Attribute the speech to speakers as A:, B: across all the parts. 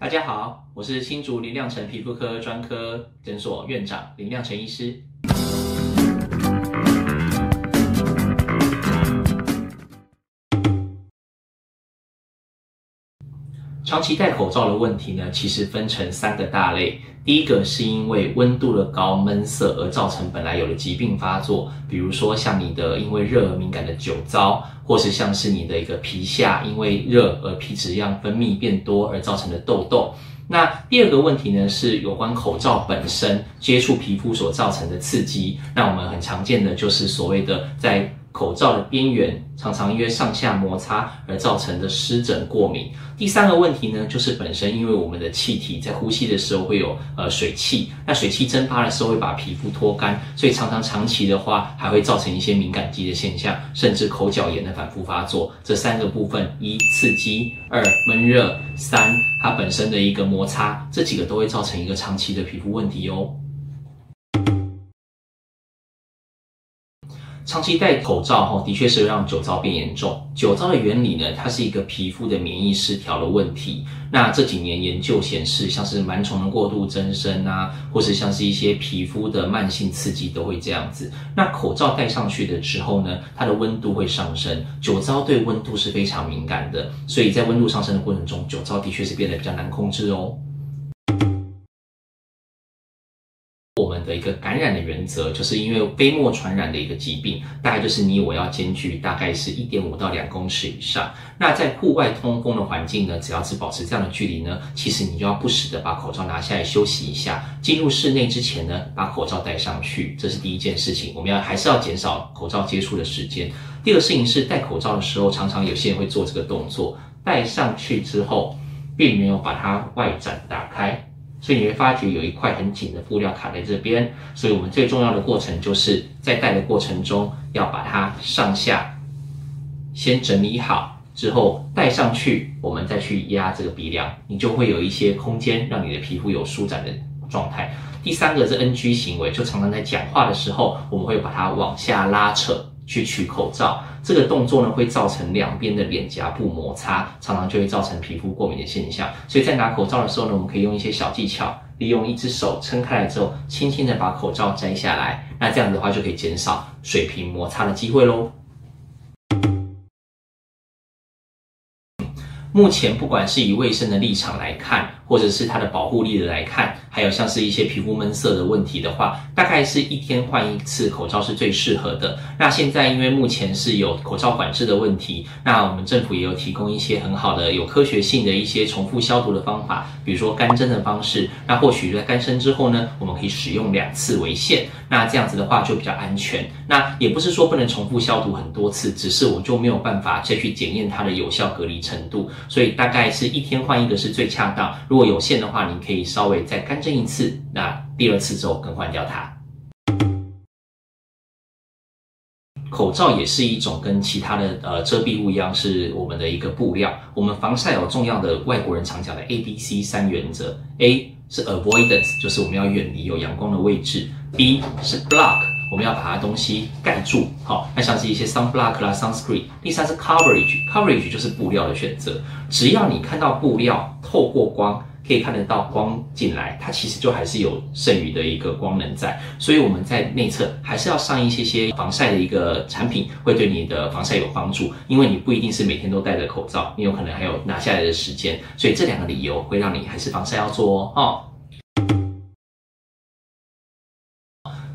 A: 大家好，我是新竹林亮辰皮膚科專科診所院長林亮辰醫師。長期戴口罩的問題呢，其實分成三個大類。第一個是因為溫度的高悶塞而造成本來有的疾病發作，比如說像你的因為熱而敏感的酒糟，或是像是你的一個皮下因為熱而皮脂樣分泌變多而造成的痘痘。那第二個問題呢，是有關口罩本身接觸皮膚所造成的刺激。那我們很常見的就是所謂的在。口罩的邊緣常常因為上下摩擦而造成的濕疹過敏。第三個問題呢，就是本身因為我們的氣體在呼吸的時候會有呃水汽，那水汽蒸發的時候會把皮膚脫乾，所以常常長期的話還會造成一些敏感肌的現象，甚至口角炎的反复發作。這三個部分：一刺激，二悶熱，三它本身的一個摩擦，這幾個都會造成一個長期的皮膚問題哦。長期戴口罩哈，的確是會讓酒糟變嚴重。酒糟的原理呢，它是一個皮膚的免疫失調的問題。那這幾年研究顯示，像是蟎蟲的過度增生啊，或是像是一些皮膚的慢性刺激，都會這樣子。那口罩戴上去的時候呢，它的溫度會上升，酒糟對溫度是非常敏感的，所以在溫度上升的過程中，酒糟的確是變得比較難控制哦。的一個感染的原則，就是因為飛沫傳染的一個疾病，大概就是你我要間距大概是一點五到兩公尺以上。那在戶外通風的環境呢，只要是保持這樣的距離呢，其實你就要不時的把口罩拿下來休息一下。進入室內之前呢，把口罩戴上去，這是第一件事情。我們要還是要減少口罩接觸的時間。第二個事情是戴口罩的時候，常常有些人會做這個動作，戴上去之後，並沒有把它外展打開。所以你會發覺有一塊很緊的布料卡在這邊，所以我們最重要的過程就是在戴的過程中，要把它上下先整理好，之後戴上去，我們再去壓這個鼻梁，你就會有一些空間，讓你的皮膚有舒展的狀態。第三個是 NG 行為，就常常在講話的時候，我們會把它往下拉扯。去取口罩這個動作呢，會造成兩邊的臉頰部摩擦，常常就會造成皮膚過敏的現象。所以在拿口罩的時候呢，我們可以用一些小技巧，利用一隻手撐開來之後，輕輕地把口罩摘下來。那這樣子的話，就可以減少水平摩擦的機會嘍。目前，不管是以衛生的立場來看。或者是它的保護力的來看，還有像是一些皮膚悶澀的問題的話，大概是一天換一次口罩是最適合的。那現在因為目前是有口罩管制的問題，那我們政府也有提供一些很好的、有科學性的一些重複消毒的方法，比如說乾蒸的方式。那或許在乾蒸之後呢，我們可以使用兩次為限。那這樣子的話就比較安全。那也不是說不能重複消毒很多次，只是我就沒有辦法再去檢驗它的有效隔離程度，所以大概是一天換一個是最恰當。如果有限的話，您可以稍微再乾蒸一次，那第二次之後更換掉它。口罩也是一種跟其他的呃遮蔽物一樣，是我們的一個布料。我們防曬有重要的外國人常講的 A B C 三原則：A 是 avoidance，就是我們要遠離有陽光的位置；B 是 block，我們要把它東西蓋住，好，那像是一些 sunblock 啦、sunscreen；第三是 coverage，coverage co 就是布料的選擇。只要你看到布料透過光。可以看得到光進來，它其實就還是有剩餘的一個光能在，所以我們在內側還是要上一些些防曬的一個產品，會對你的防曬有幫助，因為你不一定是每天都戴着口罩，你有可能還有拿下來的時間，所以這兩個理由會讓你還是防曬要做哦。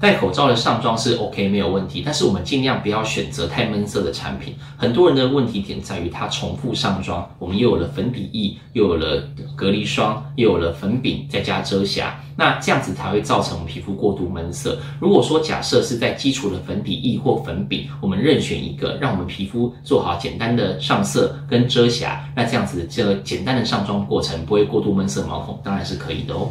A: 戴口罩的上妝是 OK，沒有問題，但是我們儘量不要選擇太悶色的產品。很多人的問題點在於它重複上妝，我們又有了粉底液，又有了隔離霜，又有了粉餅，再加遮瑕，那這樣子才會造成我們皮膚過度悶色。如果說假設是在基礎的粉底液或粉餅，我們任選一個，讓我們皮膚做好簡單的上色跟遮瑕，那這樣子這個簡單的上妝過程不會過度悶色，毛孔當然是可以的哦。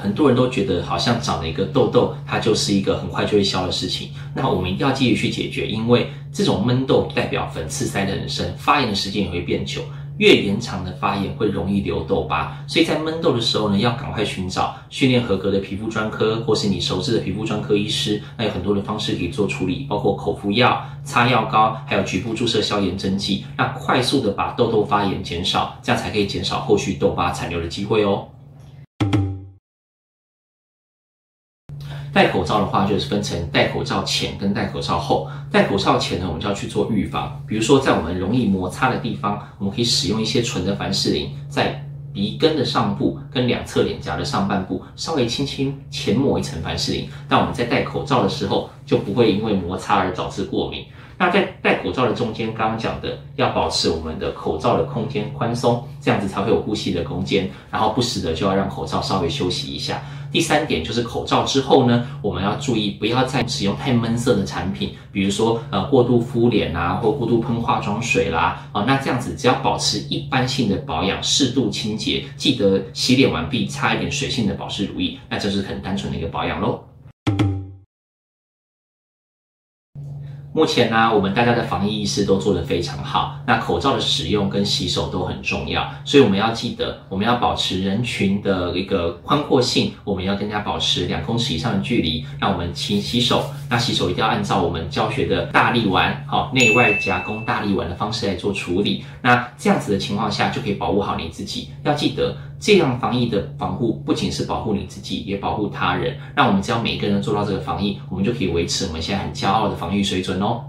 A: 很多人都覺得好像長了一個痘痘，它就是一個很快就會消的事情。那我們一定要積極去解決，因為這種悶痘代表粉刺塞得很深，發炎的時間也會變久。越延長的發炎會容易留痘疤，所以在悶痘的時候呢，要趕快尋找訓練合格的皮膚專科，或是你熟知的皮膚專科醫師。那有很多的方式可以做處理，包括口服藥、擦藥膏，還有局部注射消炎針劑。那快速的把痘痘發炎減少，這樣才可以減少後續痘疤殘留的機會哦。戴口罩的話，就是分成戴口罩前跟戴口罩後。戴口罩前呢，我們就要去做預防，比如說在我們容易摩擦的地方，我們可以使用一些純的凡士林，在鼻根的上部跟兩側臉頰的上半部，稍微輕輕前抹一層凡士林，那我們在戴口罩的時候就不會因為摩擦而導致過敏。那在戴口罩的中間，剛剛講的要保持我們的口罩的空間寬鬆，這樣子才會有呼吸的空間，然後不時的就要讓口罩稍微休息一下。第三點就是口罩之後呢，我們要注意不要再使用太悶塞的產品，比如說呃過度敷臉啊，或過度噴化妝水啦，啊，哦，那這樣子只要保持一般性的保養，適度清潔，記得洗臉完畢擦一點水性的保濕乳液，那這是很單純的一個保養嘍。目前呢、啊，我們大家的防疫意識都做得非常好。那口罩的使用跟洗手都很重要，所以我們要記得，我們要保持人群的一個寬闊性，我們要更加保持兩公尺以上的距離。那我們勤洗手，那洗手一定要按照我們教學的大立腕，好、哦、內外夾弓大立腕的方式來做處理。那這樣子的情況下，就可以保護好你自己。要記得。這樣防疫的防護不僅是保護你自己，也保護他人。讓我們只要每一個人做到這個防疫，我們就可以維持我們現在很驕傲的防疫水準哦。